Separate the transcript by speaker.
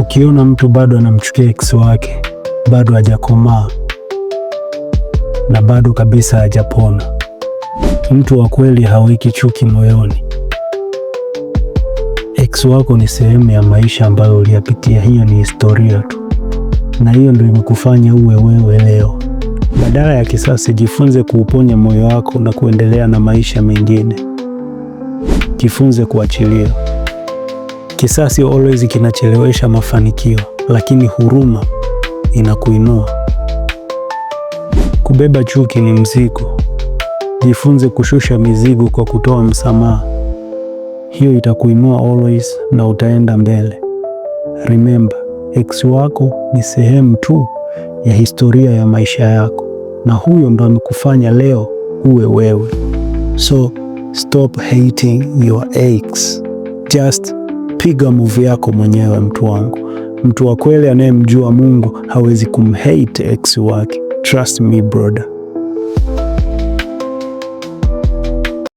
Speaker 1: Ukiona mtu bado anamchukia ex wake, bado hajakomaa na bado kabisa hajapona. Mtu wa kweli haweki chuki moyoni. Ex wako ni sehemu ya maisha ambayo uliyapitia, hiyo ni historia tu, na hiyo ndio imekufanya uwe wewe leo. Badala ya kisasi, jifunze kuuponya moyo wako na kuendelea na maisha mengine. Jifunze kuachilia. Kisasi always kinachelewesha mafanikio, lakini huruma inakuinua. Kubeba chuki ni mzigo. Jifunze kushusha mizigo kwa kutoa msamaha. Hiyo itakuinua always na utaenda mbele. Remember, ex wako ni sehemu tu ya historia ya maisha yako, na huyo ndo amekufanya leo uwe wewe. So stop hating your ex. Just piga muvi yako mwenyewe, mtu wangu. Mtu wa kweli anayemjua Mungu hawezi kumhate ex wake. Trust me brother.